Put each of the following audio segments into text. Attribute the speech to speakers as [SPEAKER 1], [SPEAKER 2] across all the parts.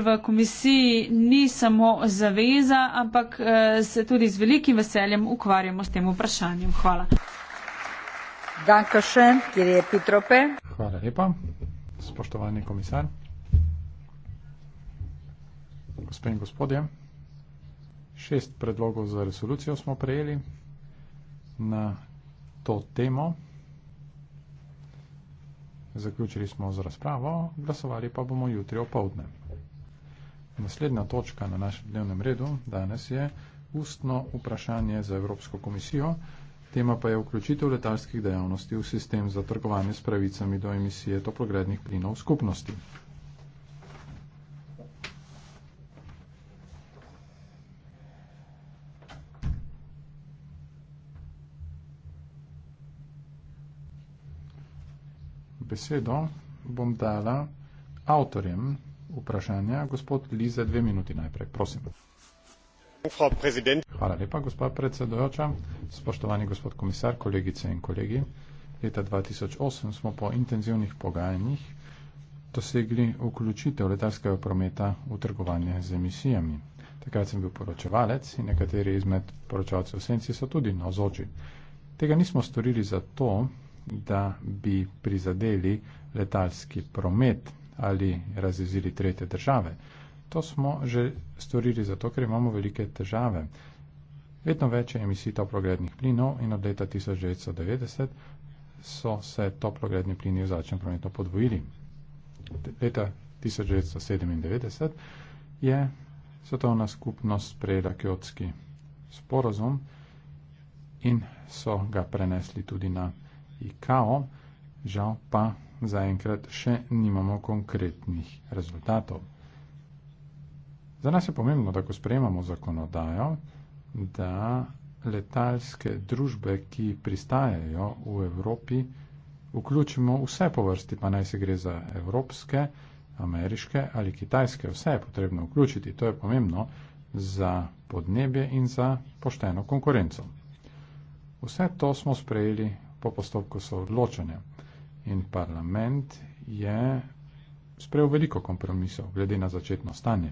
[SPEAKER 1] V komisiji ni samo zaveza, ampak eh, se tudi z velikim veseljem ukvarjamo s tem vprašanjem. Hvala.
[SPEAKER 2] Danko Šen, kjer je Pitrope.
[SPEAKER 1] Hvala lepa, spoštovani komisar. Gospe in gospodje, šest predlogov za resolucijo smo prejeli na to temo. Zaključili smo z razpravo, glasovali pa bomo jutri o povdne. Naslednja točka na našem dnevnem redu danes je ustno vprašanje za Evropsko komisijo. Tema pa je vključitev letalskih dejavnosti v sistem za trgovanje s pravicami do emisije toplogrednih plinov v skupnosti. Besedo bom dala avtorjem vprašanja. Gospod Lize, dve minuti najprej, prosim. Hvala lepa, gospod predsedojoča. Spoštovani gospod komisar, kolegice in kolegi. Leta 2008 smo po intenzivnih pogajanjih dosegli vključitev letalskega prometa v trgovanje z emisijami. Takrat sem bil poročevalec in nekateri izmed poročevalcev senci so tudi na ozoči. Tega nismo storili zato, da bi prizadeli letalski promet ali razjezili trete države. To smo že storili zato, ker imamo velike težave. Vedno več je emisij toplogrednih plinov in od leta 1990 so se toplogredni plini v zračnem prometu podvojili. Leta 1997 je svetovna skupnost sprejela kjotski sporozum in so ga prenesli tudi na ICAO, žal pa zaenkrat še nimamo konkretnih rezultatov. Za nas je pomembno, da ko sprejemamo zakonodajo, da letalske družbe, ki pristajajo v Evropi, vključimo vse po vrsti, pa naj se gre za evropske, ameriške ali kitajske. Vse je potrebno vključiti. To je pomembno za podnebje in za pošteno konkurenco. Vse to smo sprejeli po postopku soodločanja in parlament je sprejel veliko kompromisov glede na začetno stanje.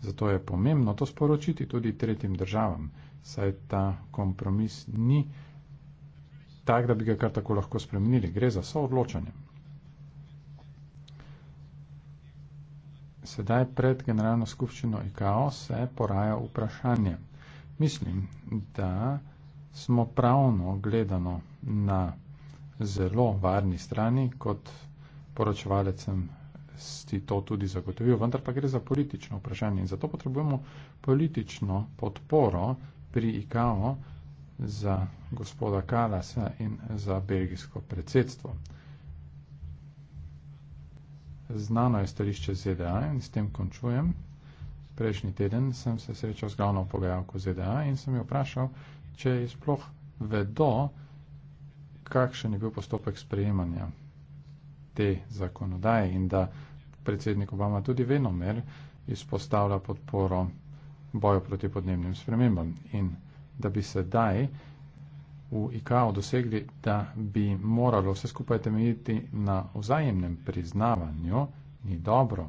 [SPEAKER 1] Zato je pomembno to sporočiti tudi tretjim državam, saj ta kompromis ni tak, da bi ga kar tako lahko spremenili. Gre za soodločanje. Sedaj pred Generalno skupščino IKO se poraja vprašanje. Mislim, da smo pravno gledano na zelo varni strani, kot poročevalec sem si to tudi zagotovil, vendar pa gre za politično vprašanje in zato potrebujemo politično podporo pri IKO za gospoda Kalasa in za belgijsko predsedstvo. Znano je stališče ZDA in s tem končujem. Prejšnji teden sem se srečal z glavno pogajalko ZDA in sem jo vprašal, če sploh vedo, kakšen je bil postopek sprejemanja te zakonodaje in da predsednik Obama tudi venomer izpostavlja podporo boju proti podnebnim spremembam in da bi sedaj v IKO dosegli, da bi moralo vse skupaj temeljiti na vzajemnem priznavanju, ni dobro.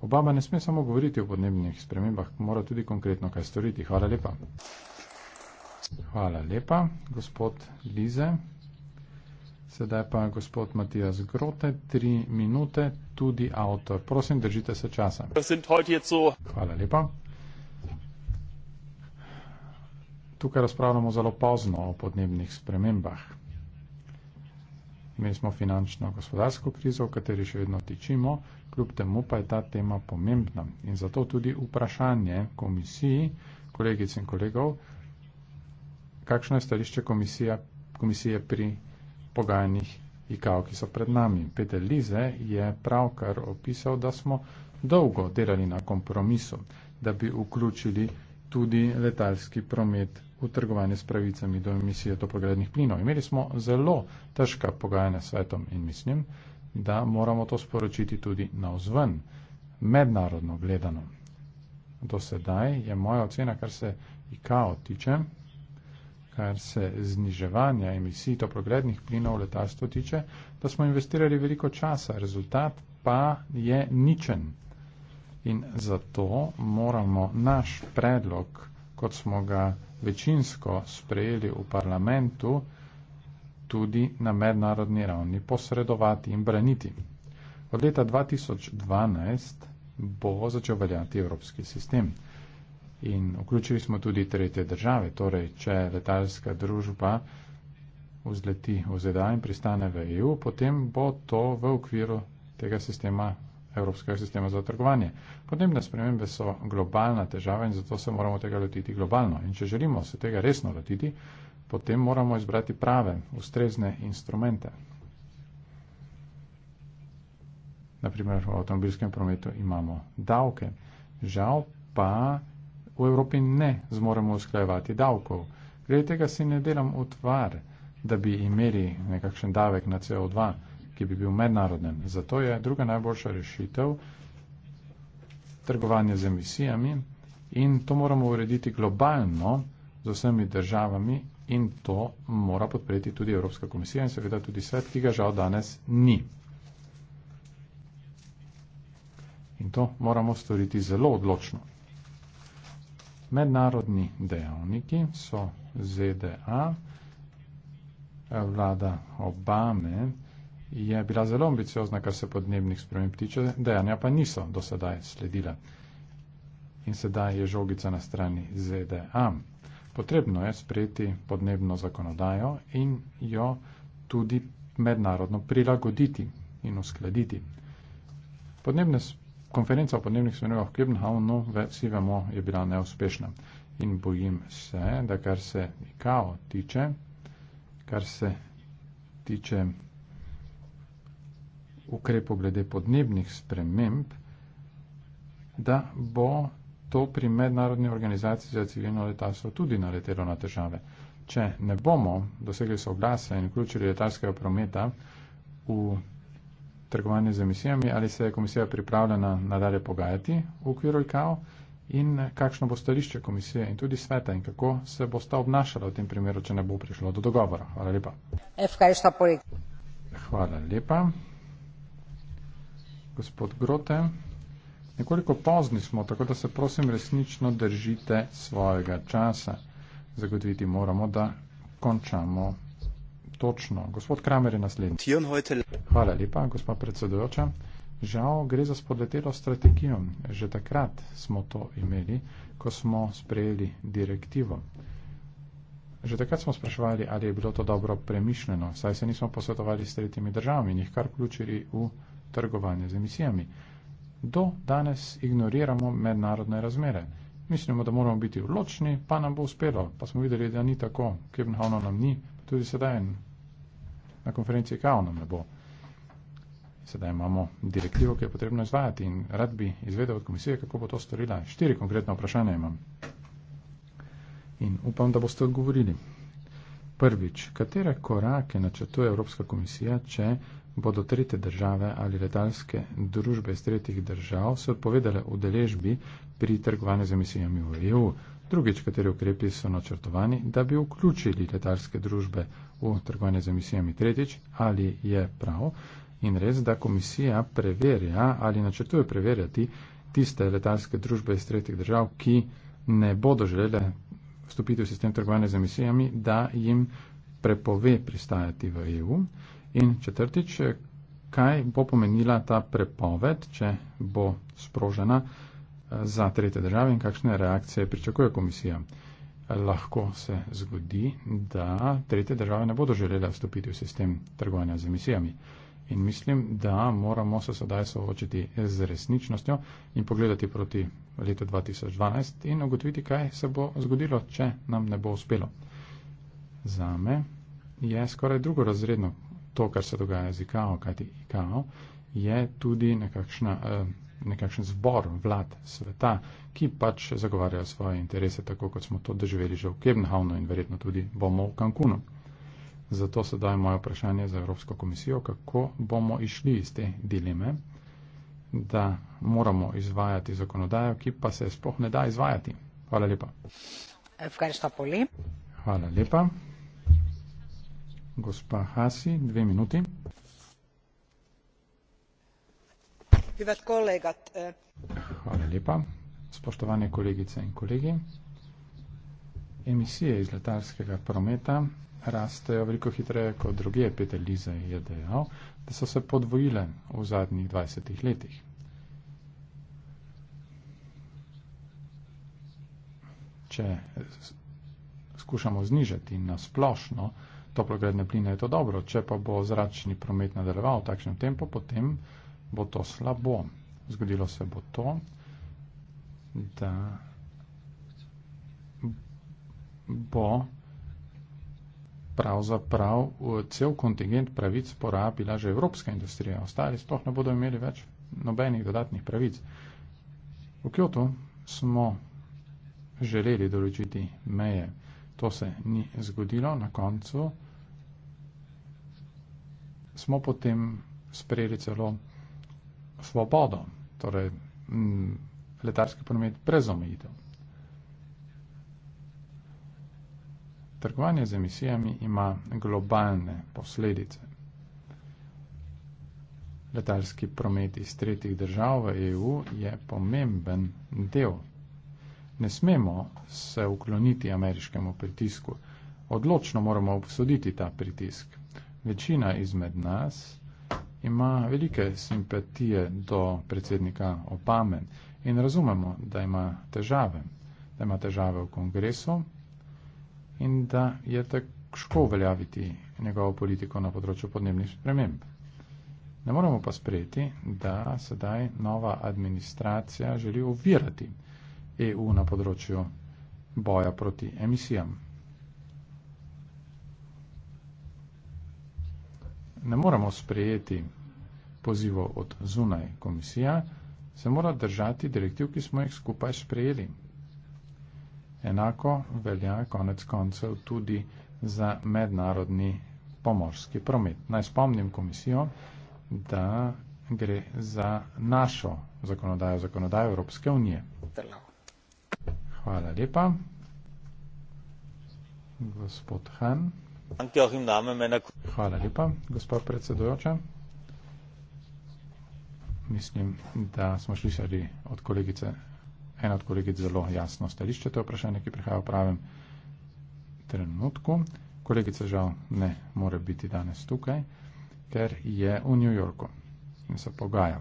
[SPEAKER 1] Obama ne sme samo govoriti o podnebnih spremembah, mora tudi konkretno kaj storiti. Hvala lepa. Hvala lepa, gospod Lize. Sedaj pa gospod Matijas Grote, tri minute, tudi avtor. Prosim, držite se časa. Hvala lepa. Tukaj razpravljamo zelo pozno o podnebnih spremembah. Imeli smo finančno gospodarsko krizo, v kateri še vedno tičimo, kljub temu pa je ta tema pomembna. In zato tudi vprašanje komisiji, kolegic in kolegov, kakšno je stališče komisije pri pogajanjih IKAO, ki so pred nami. Peter Lize je pravkar opisal, da smo dolgo delali na kompromisu, da bi vključili tudi letalski promet v trgovanje s pravicami do emisije toplogrednih plinov. Imeli smo zelo težka pogajanja s svetom in mislim, da moramo to sporočiti tudi na vzven, mednarodno gledano. Do sedaj je moja ocena, kar se IKAO tiče, kar se zniževanja emisij toplogrednih plinov v letalstvu tiče, da smo investirali veliko časa, rezultat pa je ničen. In zato moramo naš predlog, kot smo ga večinsko sprejeli v parlamentu, tudi na mednarodni ravni posredovati in braniti. Od leta 2012 bo začel veljati evropski sistem in vključili smo tudi tretje države. Torej, če letalska družba vzleti v ZDA in pristane v EU, potem bo to v okviru tega sistema, evropskega sistema za trgovanje. Podnebne spremembe so globalna težava in zato se moramo tega lotiti globalno. In če želimo se tega resno lotiti, potem moramo izbrati prave, ustrezne instrumente. Naprimer, v avtomobilskem prometu imamo davke. Žal pa V Evropi ne zmoremo usklajevati davkov. Glede tega si ne delam otvar, da bi imeli nekakšen davek na CO2, ki bi bil mednaroden. Zato je druga najboljša rešitev trgovanje z emisijami in to moramo urediti globalno z vsemi državami in to mora podpreti tudi Evropska komisija in seveda tudi svet, ki ga žal danes ni. In to moramo storiti zelo odločno. Mednarodni dejavniki so ZDA, vlada Obame je bila zelo ambiciozna, kar se podnebnih sprememb tiče, dejanja pa niso do sedaj sledila. In sedaj je žogica na strani ZDA. Potrebno je sprejeti podnebno zakonodajo in jo tudi mednarodno prilagoditi in uskladiti. Podnebne konferenca o podnebnih spremembah v Kibnhavnu, no, vsi vemo, je bila neuspešna. In bojim se, da kar se IKAO tiče, kar se tiče ukrepov glede podnebnih sprememb, da bo to pri mednarodni organizaciji za civilno letalstvo tudi naletelo na težave. Če ne bomo dosegli soglasa in vključili letalskega prometa v trgovanje z emisijami, ali se je komisija pripravljena nadalje pogajati v okviru ICAO in kakšno bo stališče komisije in tudi sveta in kako se bo sta obnašala v tem primeru, če ne bo prišlo do dogovora. Hvala lepa. Hvala lepa. Gospod Grote, nekoliko pozni smo, tako da se prosim resnično držite svojega časa. Zagotoviti moramo, da končamo točno. Gospod Kramer je naslednji. Hvala lepa, gospod predsedujoča. Žal gre za spodletelo strategijo. Že takrat smo to imeli, ko smo sprejeli direktivo. Že takrat smo spraševali, ali je bilo to dobro premišljeno, saj se nismo posvetovali s tretjimi državami in jih kar vključili v trgovanje z emisijami. Do danes ignoriramo mednarodne razmere. Mislimo, da moramo biti odločni, pa nam bo uspelo. Pa smo videli, da ni tako. Kevin Hanno nam ni, tudi sedaj na konferenciji kao nam ne bo. Sedaj imamo direktivo, ki je potrebno izvajati in rad bi izvedel od komisije, kako bo to storila. Štiri konkretna vprašanja imam in upam, da boste odgovorili. Prvič, katere korake načrtuje Evropska komisija, če bodo tretje države ali letalske družbe iz tretjih držav se odpovedale v deležbi pri trgovanju z emisijami v EU. Drugič, kateri ukrepi so načrtovani, da bi vključili letalske družbe v trgovanje z emisijami tretjič, ali je prav in res, da komisija preverja ali načrtuje preverjati tiste letalske družbe iz tretjih držav, ki ne bodo želele vstopiti v sistem trgovanja z emisijami, da jim prepove pristajati v EU. In četrtič, kaj bo pomenila ta prepoved, če bo sprožena eh, za tretje države in kakšne reakcije pričakuje komisija. Lahko se zgodi, da tretje države ne bodo želele vstopiti v sistem trgovanja z emisijami. In mislim, da moramo se sedaj soočiti z resničnostjo in pogledati proti letu 2012 in ugotoviti, kaj se bo zgodilo, če nam ne bo uspelo. Za me je skoraj drugorazredno, to, kar se dogaja z IKO, kajti IKO je tudi nekakšna, eh, nekakšen zbor vlad sveta, ki pač zagovarjajo svoje interese, tako kot smo to doživeli že v Kebnhavnu in verjetno tudi bomo v Cancunu. Zato sedaj moje vprašanje za Evropsko komisijo, kako bomo išli iz te dileme, da moramo izvajati zakonodajo, ki pa se spoh ne da izvajati. Hvala lepa. Hvala lepa. Gospa Hasi, dve minuti.
[SPEAKER 2] Hyvät kollegat. Eh,
[SPEAKER 1] Hvala lepa. Spoštovane kolegice in kolegi. Emisije iz letalskega prometa rastejo veliko hitreje kot druge, Peter Lize je dejal, da so se podvojile v zadnjih 20 letih. Če skušamo znižati na splošno, toplogredne pline je to dobro, če pa bo zračni promet nadaljeval v takšnem tempu, potem bo to slabo. Zgodilo se bo to, da bo pravzaprav eh, cel kontingent pravic porabila že evropska industrija. Ostali sploh ne bodo imeli več nobenih dodatnih pravic. V Kjotu smo želeli določiti meje To se ni zgodilo na koncu. Smo potem sprejeli celo svobodo, torej m, mm, letarski promet brez omejitev. Trgovanje z emisijami ima globalne posledice. Letalski promet iz tretjih držav v EU je pomemben del Ne smemo se ukloniti ameriškemu pritisku. Odločno moramo obsoditi ta pritisk. Večina izmed nas ima velike simpatije do predsednika Obame in razumemo, da ima težave, da ima težave v kongresu in da je težko uveljaviti njegovo politiko na področju podnebnih sprememb. Ne moremo pa sprejeti, da sedaj nova administracija želi ovirati EU na področju boja proti emisijam. Ne moramo sprejeti pozivo od zunaj komisija, se mora držati direktiv, ki smo jih skupaj sprejeli. Enako velja konec koncev tudi za mednarodni pomorski promet. Naj spomnim komisijo, da gre za našo zakonodajo, zakonodajo Evropske unije. Trlo. Hvala lepa. Gospod Han. Hvala lepa, gospod predsedujoča. Mislim, da smo slišali od kolegice, ena od kolegic zelo jasno stališče, to je vprašanje, ki prihaja v pravem trenutku. Kolegica žal ne more biti danes tukaj, ker je v New Yorku in se pogaja.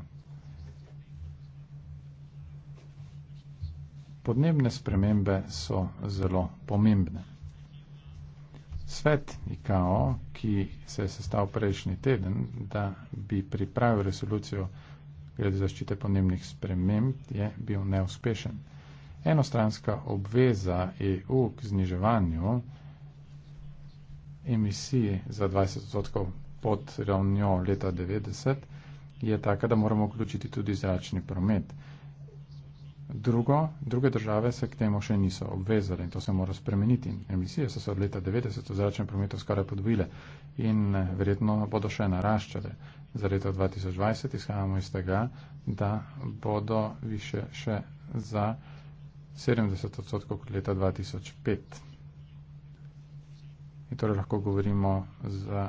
[SPEAKER 1] podnebne spremembe so zelo pomembne. Svet IKO, ki se je sestal prejšnji teden, da bi pripravil resolucijo glede zaščite podnebnih sprememb, je bil neuspešen. Enostranska obveza EU k zniževanju emisij za 20 odstotkov pod ravnjo leta 90 je taka, da moramo vključiti tudi zračni promet. Drugo, druge države se k temu še niso obvezale in to se mora spremeniti. Emisije so se od leta 90 v zračnem prometu skoraj podvojile in eh, verjetno bodo še naraščale. Za leto 2020 izhajamo iz tega, da bodo više še za 70 odstotkov kot leta 2005. In torej lahko govorimo za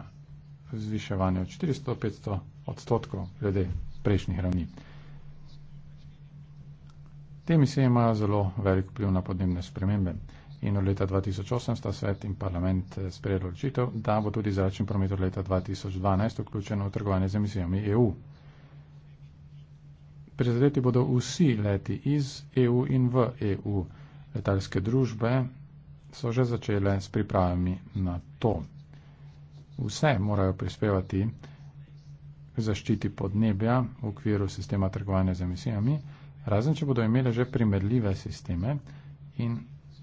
[SPEAKER 1] zviševanje od 400-500 odstotkov glede prejšnjih ravni. Te misije imajo zelo velik vpliv na podnebne spremembe. In od leta 2008 sta svet in parlament eh, sprejeli odločitev, da bo tudi zračni promet od leta 2012 vključen v trgovanje z emisijami EU. Prizadeti bodo vsi leti iz EU in v EU. Letalske družbe so že začele s pripravami na to. Vse morajo prispevati k zaščiti podnebja v okviru sistema trgovanja z emisijami razen če bodo imele že primerljive sisteme in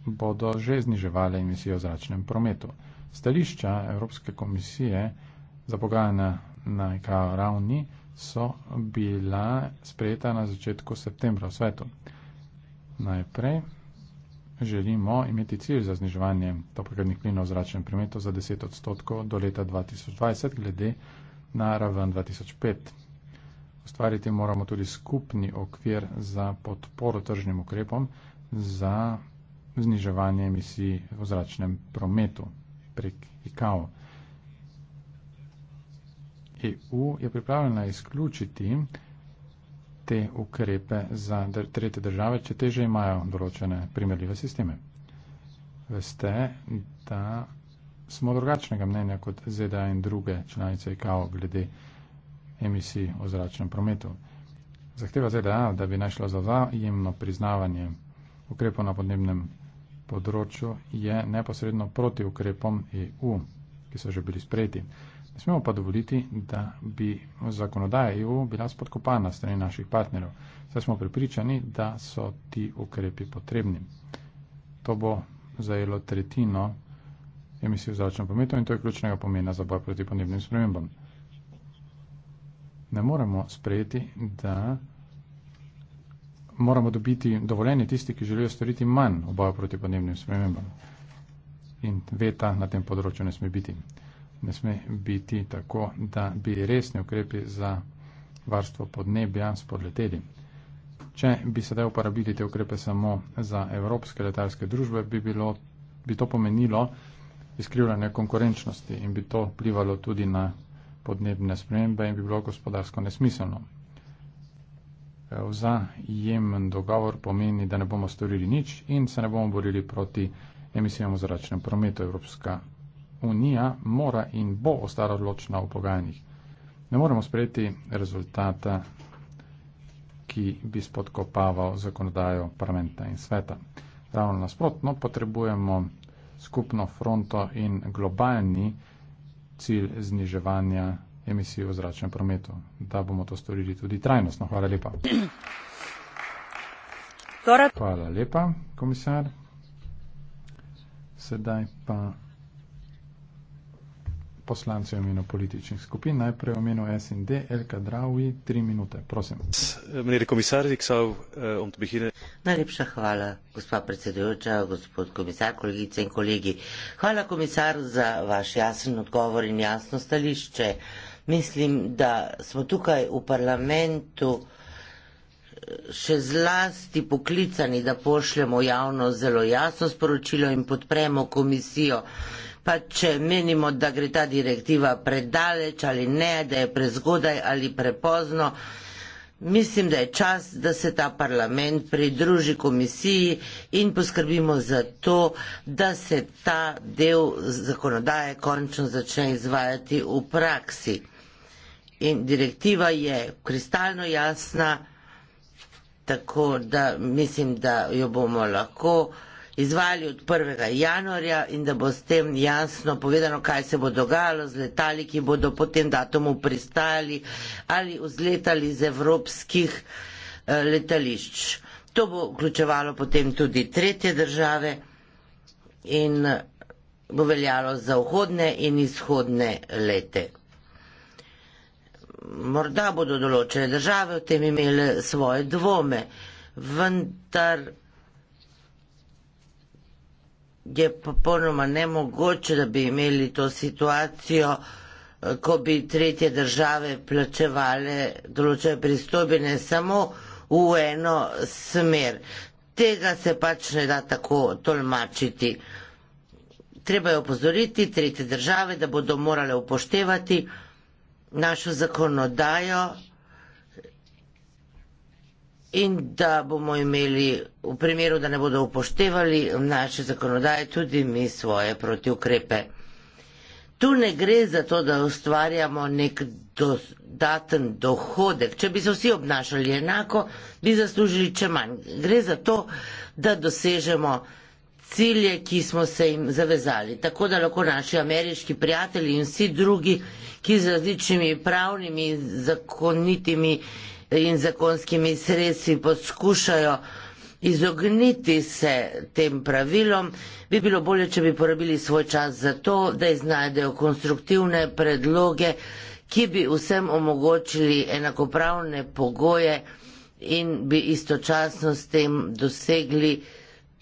[SPEAKER 1] bodo že zniževali emisijo v zračnem prometu. Stališča Evropske komisije za pogajanja na ICAO ravni so bila sprejeta na začetku septembra v svetu. Najprej želimo imeti cilj za zniževanje toplogrednih plinov v zračnem prometu za 10 odstotkov do leta 2020 glede na raven 2005. Ustvariti moramo tudi skupni okvir za podporo tržnim ukrepom za zniževanje emisij v zračnem prometu prek IKAO. EU je pripravljena izključiti te ukrepe za tretje države, če te že imajo določene primerljive sisteme. Veste, da smo drugačnega mnenja kot ZDA in druge članice IKAO glede emisij v zračnem prometu. Zahteva ZDA, da bi našla za vzajemno priznavanje ukrepov na podnebnem področju, je neposredno proti ukrepom EU, ki so že bili sprejeti. Ne smemo pa dovoliti, da bi zakonodaja EU bila spodkopana strani naših partnerjev. Saj smo pripričani, da so ti ukrepi potrebni. To bo zajelo tretjino emisij v zračnem prometu in to je ključnega pomena za boj proti podnebnim spremembam ne moremo sprejeti, da moramo dobiti dovoljenje tisti, ki želijo storiti manj v boju proti podnebnim spremembam. In veta na tem področju ne sme biti. Ne sme biti tako, da bi resni ukrepi za varstvo podnebja spodleteli. Če bi sedaj uporabili te ukrepe samo za evropske letalske družbe, bi, bilo, bi to pomenilo iskrivljanje konkurenčnosti in bi to plivalo tudi na podnebne spremembe in bi bilo gospodarsko nesmiselno. Vzajemen dogovor pomeni, da ne bomo storili nič in se ne bomo borili proti emisijam v zračnem prometu. Evropska unija mora in bo ostala odločna v pogajanjih. Ne moremo sprejeti rezultata, ki bi spodkopaval zakonodajo parlamenta in sveta. Ravno nasprotno, potrebujemo skupno fronto in globalni cilj zniževanja emisij v zračnem prometu, da bomo to storili tudi trajnostno. Hvala lepa. Torej- Hvala lepa, komisar. Sedaj pa poslanci v imenu političnih skupin. Najprej v imenu SND, Elka Drawi, tri minute. Prosim. Eh,
[SPEAKER 2] Najlepša hvala, gospa predsedujoča, gospod komisar, kolegice in kolegi. Hvala, komisar, za vaš jasen odgovor in jasno stališče. Mislim, da smo tukaj v parlamentu eh, še zlasti poklicani, da pošljemo javno zelo jasno sporočilo in podpremo komisijo, pač menimo, da gre ta direktiva predaleč ali ne, da je prezgodaj ali prepozno. Mislim, da je čas, da se ta parlament pridruži komisiji in poskrbimo za to, da se ta del zakonodaje končno začne izvajati v praksi. In direktiva je kristalno jasna, tako da mislim, da jo bomo lahko uh, izvajali od 1. januarja in da bo s tem jasno povedano, kaj se bo dogajalo z letali, ki bodo po tem datumu pristajali ali vzletali z evropskih eh, letališč. To bo vključevalo potem tudi tretje države in eh, bo veljalo za vhodne in izhodne lete. Morda bodo določene države v tem imele svoje dvome, vendar je popolnoma nemogoče, da bi imeli to situacijo, eh, ko bi tretje države plačevale določene pristojbine samo v eno smer. Tega se pač ne da tako tolmačiti. Treba je opozoriti tretje države, da bodo morale upoštevati našo zakonodajo in da bomo imeli v primeru, da ne bodo upoštevali naše zakonodaje, tudi mi svoje protiukrepe. Tu ne gre za to, da ustvarjamo nek dodaten dohodek. Če bi se vsi obnašali enako, bi zaslužili če manj. Gre za to, da dosežemo cilje, ki smo se jim zavezali. Tako da lahko naši ameriški prijatelji in vsi drugi, ki z različnimi pravnimi, zakonitimi in zakonskimi sredstvi poskušajo izogniti se tem pravilom, bi bilo bolje, če bi porabili svoj čas za to, da iznajdejo konstruktivne predloge, ki bi vsem omogočili enakopravne pogoje in bi istočasno s tem dosegli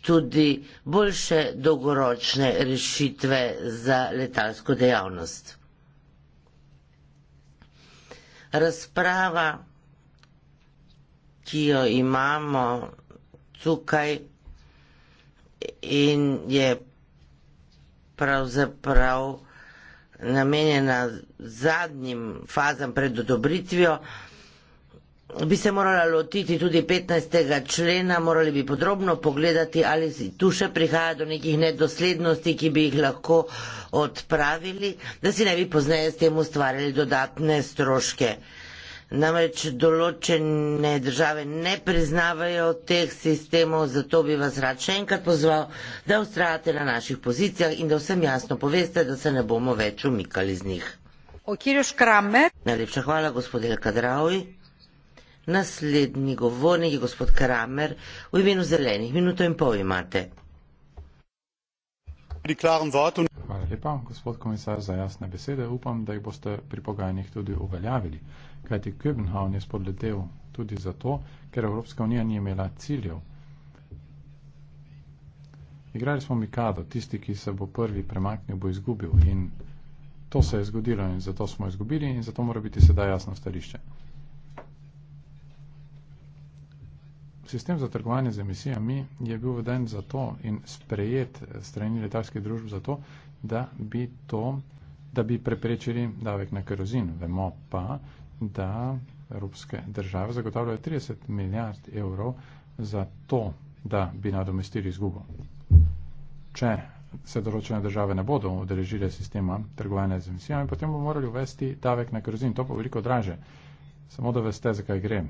[SPEAKER 2] tudi boljše dolgoročne rešitve za letalsko dejavnost. Razprava ki jo imamo tukaj in je pravzaprav namenjena zadnjim fazam pred odobritvijo, bi se morala lotiti tudi 15. člena, morali bi podrobno pogledati, ali tu še prihaja do nekih nedoslednosti, ki bi jih lahko odpravili, da si ne bi pozneje s tem ustvarjali dodatne stroške. Namreč določene države ne priznavajo teh sistemov, zato bi vas rad še enkrat pozval, da ustrajate na naših pozicijah in da vsem jasno poveste, da se ne bomo več umikali z njih. Najlepša hvala, gospodje Kadravi. Naslednji govornik je gospod Kramer v imenu zelenih. Minuto in pol imate.
[SPEAKER 1] Hvala lepa, gospod komisar, za jasne besede. Upam, da jih boste pri pogajanjih tudi uveljavili kajti Kübenhavn je spodletel tudi zato, ker Evropska unija ni imela ciljev. Igrali smo Mikado, tisti, ki se bo prvi premaknil, bo izgubil in to se je zgodilo in zato smo izgubili in zato mora biti sedaj jasno starišče. Sistem za trgovanje z emisijami je bil veden zato in sprejet strani letalskih družb zato, da bi to, da bi preprečili davek na kerozin. Vemo pa, da evropske države zagotavljajo 30 milijard evrov za to, da bi nadomestili izgubo. Če se določene države ne bodo odrežile sistema trgovanja z emisijami, potem bomo morali uvesti davek na kerozin. To bo veliko draže. Samo da veste, zakaj gre.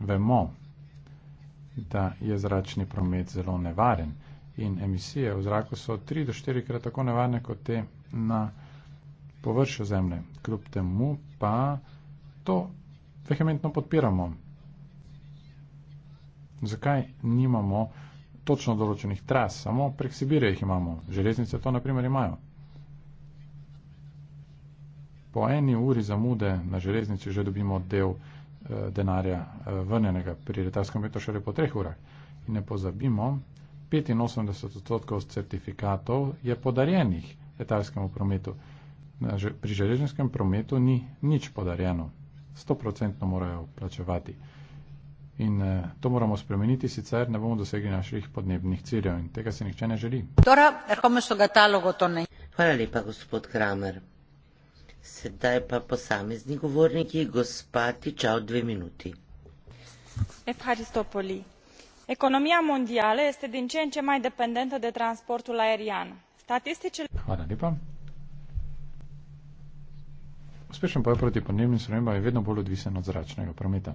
[SPEAKER 1] Vemo, da je zračni promet zelo nevaren in emisije v zraku so 3 do 4 krat tako nevarne kot te na površju zemlje. Kljub temu pa to vehementno podpiramo? Zakaj nimamo točno določenih tras, samo prek Sibirije jih imamo, železnice to naprimer imajo. Po eni uri zamude na železnici že dobimo del eh, denarja eh, vrnenega, pri letalskem metu šele po treh urah. In ne pozabimo, 85 odstotkov certifikatov je podarjenih letalskemu prometu. Na, že, pri železniškem prometu ni nič podarjeno. 100-odstotno morajo plačevati. In eh, to moramo spremeniti, sicer ne bomo dosegli naših podnebnih ciljev in tega se nihče ne želi. Hvala
[SPEAKER 2] lepa, gospod Kramer. Sedaj pa posamezni govorniki, gospa Tičal, dve minuti.
[SPEAKER 1] Efharistopoli. Ekonomija mondiale je sedinčenče manj dependenta od transportu aerijana. Statistični. Hvala lepa. Uspešen boj proti podnebnim spremembam je vedno bolj odvisen od zračnega prometa.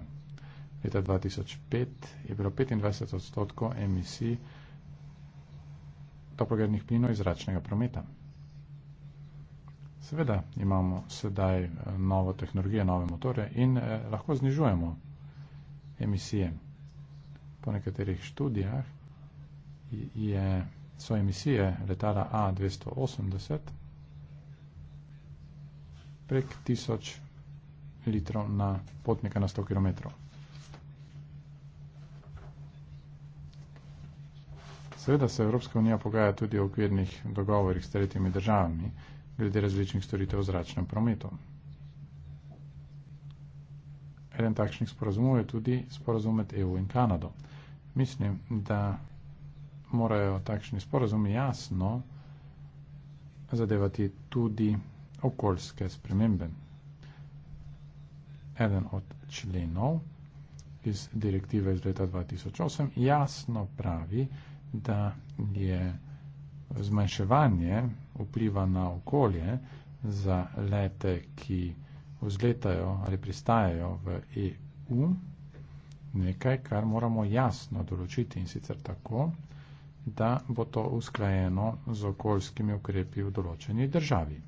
[SPEAKER 1] Leta 2005 je bilo 25 odstotkov emisij toplogrednih plinov iz zračnega prometa. Seveda imamo sedaj eh, novo tehnologijo, nove motore in eh, lahko znižujemo emisije. Po nekaterih študijah je, so emisije letala A280 prek 1000 litrov na potnika na 100 km. Seveda se Evropska unija pogaja tudi o okvirnih dogovorih s tretjimi državami glede različnih storitev v zračnem prometu. Eden takšnih sporazumov je tudi sporazum med EU in Kanado. Mislim, da morajo takšni sporazumi jasno zadevati tudi okoljske spremembe. Eden od členov iz direktive iz leta 2008 jasno pravi, da je zmanjševanje vpliva na okolje za lete, ki vzletajo ali pristajajo v EU, nekaj, kar moramo jasno določiti in sicer tako, da bo to usklajeno z okoljskimi ukrepi v določeni državi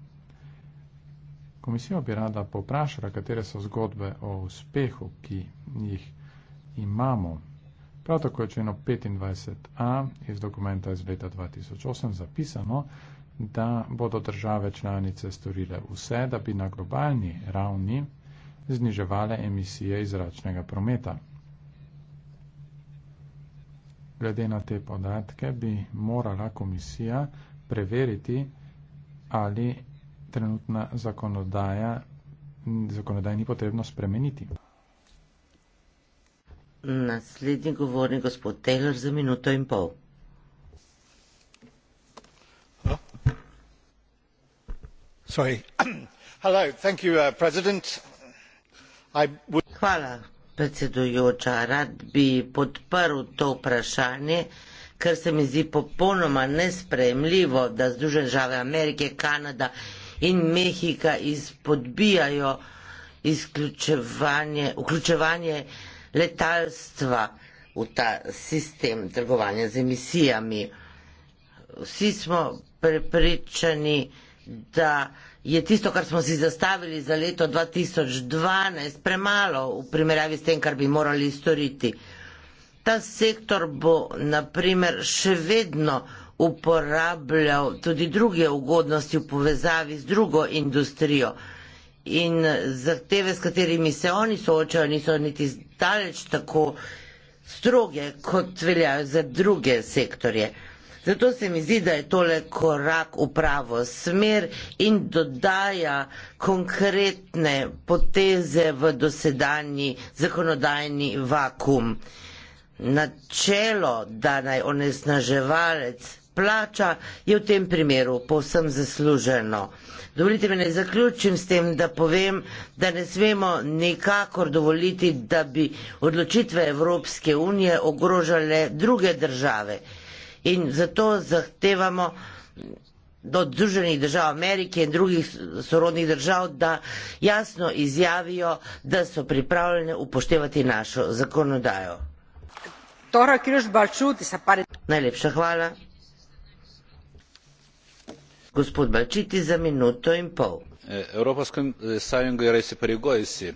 [SPEAKER 1] komisijo bi rada poprašala, katere so zgodbe o uspehu, ki jih imamo. Prav tako je členo 25a iz dokumenta iz leta 2008 zapisano, da bodo države članice storile vse, da bi na globalni ravni zniževale emisije iz zračnega prometa. Glede na te podatke bi morala komisija preveriti, ali trenutna zakonodaja, zakonodaj ni potrebno spremeniti.
[SPEAKER 2] Naslednji govorni gospod Taylor za minuto in pol.
[SPEAKER 1] Sorry. Hello, thank you, uh, president. I
[SPEAKER 2] would... Hvala, predsedujoča. Rad bi podprl to vprašanje, ker se mi zdi popolnoma nespremljivo, da Združene države Amerike, Kanada in Mehika izpodbijajo izključevanje, vključevanje letalstva v ta sistem trgovanja z emisijami. Vsi smo prepričani, da je tisto, kar smo si zastavili za leto 2012, premalo v primerjavi s tem, kar bi morali storiti. Ta sektor bo, naprimer, še vedno uporabljal tudi druge ugodnosti v povezavi z drugo industrijo. In zahteve, s katerimi se oni soočajo, niso niti daleč tako stroge, kot veljajo za druge sektorje. Zato se mi zdi, da je tole korak v pravo smer in dodaja konkretne poteze v dosedanji zakonodajni vakum. Načelo, da naj onesnaževalec plača, je v tem primeru povsem zasluženo. Dovolite mi, da zaključim s tem, da povem, da ne smemo nikakor dovoliti, da bi odločitve Evropske unije ogrožale druge države. In zato zahtevamo od Združenih držav Amerike in drugih sorodnih držav, da jasno izjavijo, da so pripravljene upoštevati našo zakonodajo. Najlepša hvala gospod balčytis za minuto in pol europos e, sąjunga yra įsipareigojusi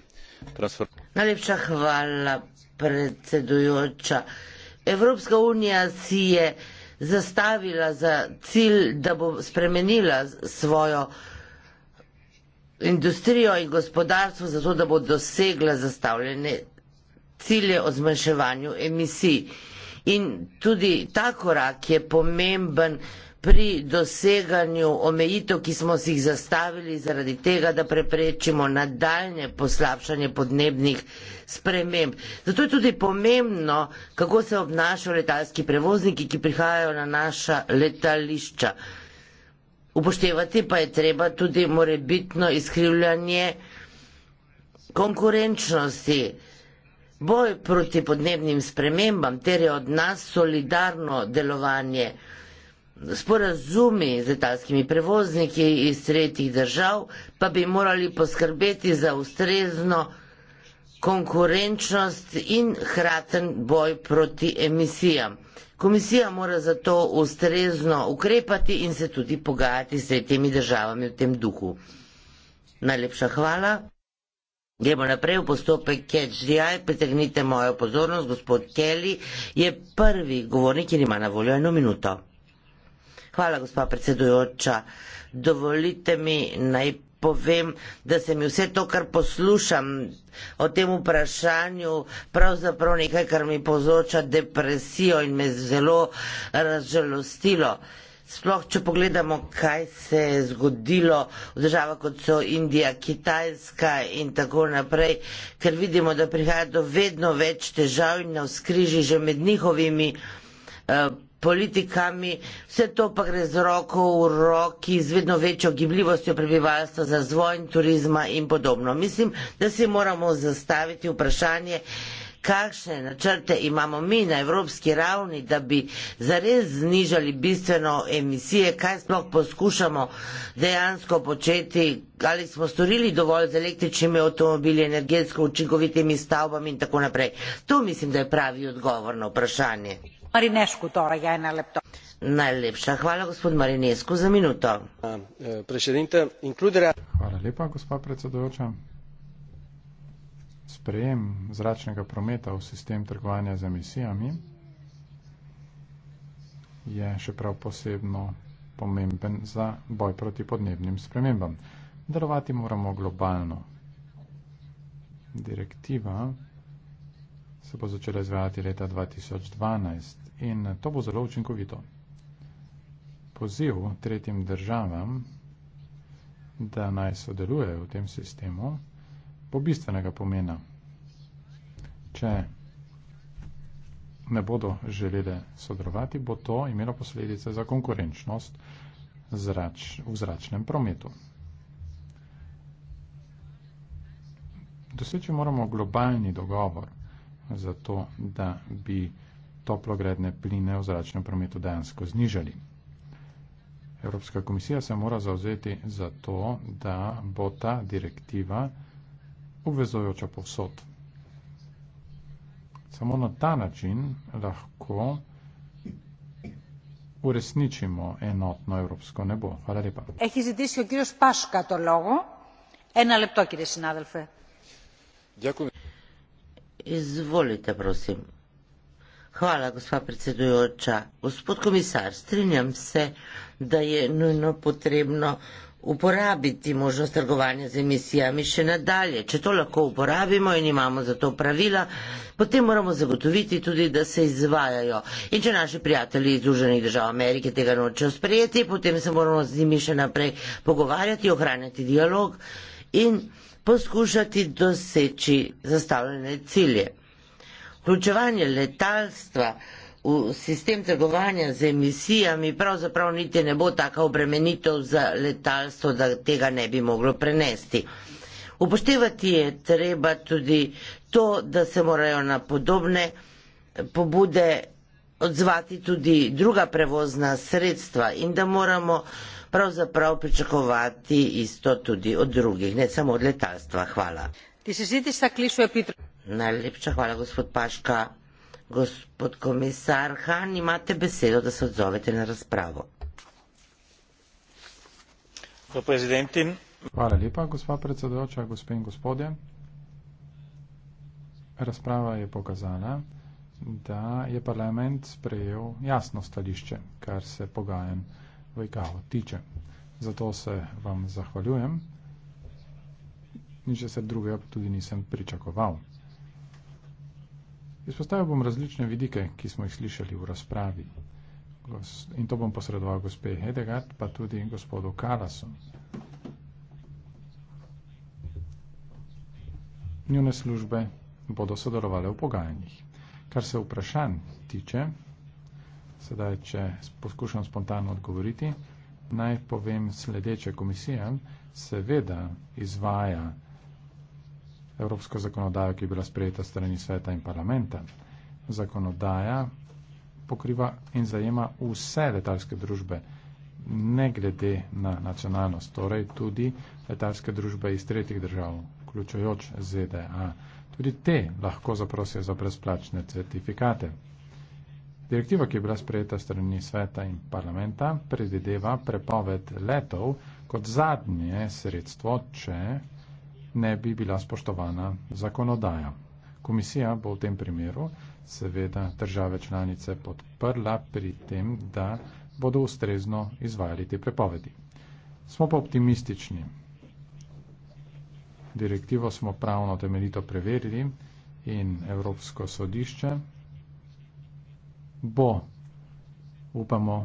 [SPEAKER 2] transformuoti Najlepša hvala, predsedujoča. Evropska unija si je zastavila za cilj, da bo spremenila svojo industrijo in gospodarstvo, zato da bo dosegla zastavljene cilje o zmanjševanju emisij. In tudi ta korak je pomemben pri doseganju omejitev, ki smo si jih zastavili zaradi tega, da preprečimo nadaljne poslabšanje podnebnih sprememb. Zato je tudi pomembno, kako se obnašajo letalski prevozniki, ki prihajajo na naša letališča. Upoštevati pa je treba tudi morebitno izkrivljanje konkurenčnosti. Boj proti podnebnim spremembam terje od nas solidarno delovanje. Sporazumi z italijanskimi prevozniki iz tretjih držav pa bi morali poskrbeti za ustrezno konkurenčnost in hraten boj proti emisijam. Komisija mora zato ustrezno ukrepati in se tudi pogajati s tretjimi državami v tem duhu. Najlepša hvala. Gremo naprej v postopek CHDI. Pritegnite mojo pozornost. Gospod Kelly je prvi govornik in ima na voljo eno minuto. Hvala, gospa predsedujoča. Dovolite mi naj povem, da se mi vse to, kar poslušam o tem vprašanju, pravzaprav nekaj, kar mi povzroča depresijo in me zelo razžalostilo. Sploh, če pogledamo, kaj se je zgodilo v državah, kot so Indija, Kitajska in tako naprej, ker vidimo, da prihaja do vedno več težav in na skriži že med njihovimi eh, politikami, vse to pa gre z roko v roki, z vedno večjo gibljivostjo prebivalstva, za zvoj in turizma in podobno. Mislim, da si moramo zastaviti vprašanje, kakšne načrte imamo mi na evropski ravni, da bi zares znižali bistveno emisije, kaj sploh poskušamo dejansko početi, ali smo storili dovolj z električnimi avtomobili, energetsko učinkovitimi stavbami in tako naprej. To mislim, da je pravi odgovor na vprašanje. Marinescu, torej je na laptop. Najlepša hvala, gospod Marinescu, za minuto. E,
[SPEAKER 1] hvala lepa, gospod predsedujoča. Sprejem zračnega prometa v sistem trgovanja z emisijami je še prav posebno pomemben za boj proti podnebnim spremembam. Delovati moramo globalno. Direktiva se bo začela izvajati leta 2012 in to bo zelo učinkovito. Poziv tretjim državam, da naj sodelujejo v tem sistemu, bo bistvenega pomena. Če ne bodo želeli sodelovati, bo to imelo posledice za konkurenčnost zrač, v zračnem prometu. Doseči moramo globalni dogovor za to, da bi toplogredne pline v zračnem prometu dejansko znižali. Evropska komisija se mora zauzeti za to, da bo ta direktiva obvezojoča povsod. Samo na ta način lahko uresničimo enotno evropsko nebo. Hvala lepa.
[SPEAKER 2] Izvolite, prosim. Hvala, gospa predsedujoča. Gospod komisar, strinjam se, da je nujno potrebno uporabiti možnost trgovanja z emisijami še nadalje. Če to lahko uporabimo in imamo za to pravila, potem moramo zagotoviti tudi, da se izvajajo. In če naši prijatelji iz Združenih držav Amerike tega nočejo sprejeti, potem se moramo z njimi še naprej pogovarjati, ohranjati dialog in poskušati doseči zastavljene cilje vključevanje letalstva v sistem trgovanja z emisijami pravzaprav niti ne bo taka obremenitev za letalstvo, da tega ne bi moglo prenesti. Upoštevati je treba tudi to, da se morajo na podobne pobude odzvati tudi druga prevozna sredstva in da moramo pravzaprav pričakovati isto tudi od drugih, ne samo od letalstva. Hvala. Najlepša hvala, gospod Paška. Gospod komisar Han, imate besedo, da se odzovete na razpravo.
[SPEAKER 1] Hvala lepa, gospa predsedujoča, gospe in gospodje. Razprava je pokazala, da je parlament sprejel jasno stališče, kar se pogajen v IKAO tiče. Zato se vam zahvaljujem. Nič se drugega tudi nisem pričakoval. Izpostavil bom različne vidike, ki smo jih slišali v razpravi. In to bom posredoval gospe Hedegard, pa tudi gospodu Karasu. Njune službe bodo sodelovali v pogajanjih. Kar se vprašanj tiče, sedaj, če poskušam spontano odgovoriti, naj povem sledeče komisija, seveda izvaja evropsko zakonodajo, ki je bila sprejeta strani sveta in parlamenta. Zakonodaja pokriva in zajema vse letalske družbe, ne glede na nacionalnost, torej tudi letalske družbe iz tretjih držav, vključujoč ZDA. Tudi te lahko zaprosijo za brezplačne certifikate. Direktiva, ki je bila sprejeta strani sveta in parlamenta, predvideva prepoved letov kot zadnje sredstvo, če ne bi bila spoštovana zakonodaja. Komisija bo v tem primeru seveda države članice podprla pri tem, da bodo ustrezno izvajali te prepovedi. Smo pa optimistični. Direktivo smo pravno temeljito preverili in Evropsko sodišče bo, upamo,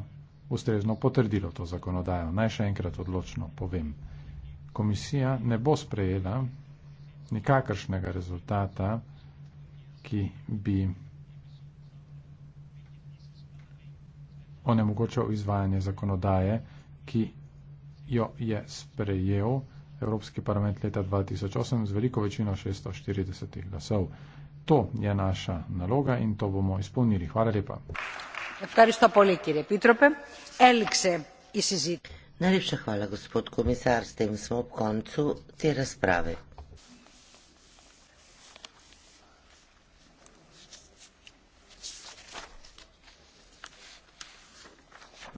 [SPEAKER 1] ustrezno potrdilo to zakonodajo. Naj še enkrat odločno povem komisija ne bo sprejela nikakršnega rezultata, ki bi onemogočal izvajanje zakonodaje, ki jo je sprejel Evropski parlament leta 2008 z veliko večino 640 glasov. To je naša naloga in to bomo izpolnili. Hvala lepa.
[SPEAKER 2] Ευχαριστώ πολύ κύριε Επίτροπε. Έληξε η συζήτηση.
[SPEAKER 1] Najlepša hvala, gospod komisar.
[SPEAKER 2] S tem smo ob koncu te razprave.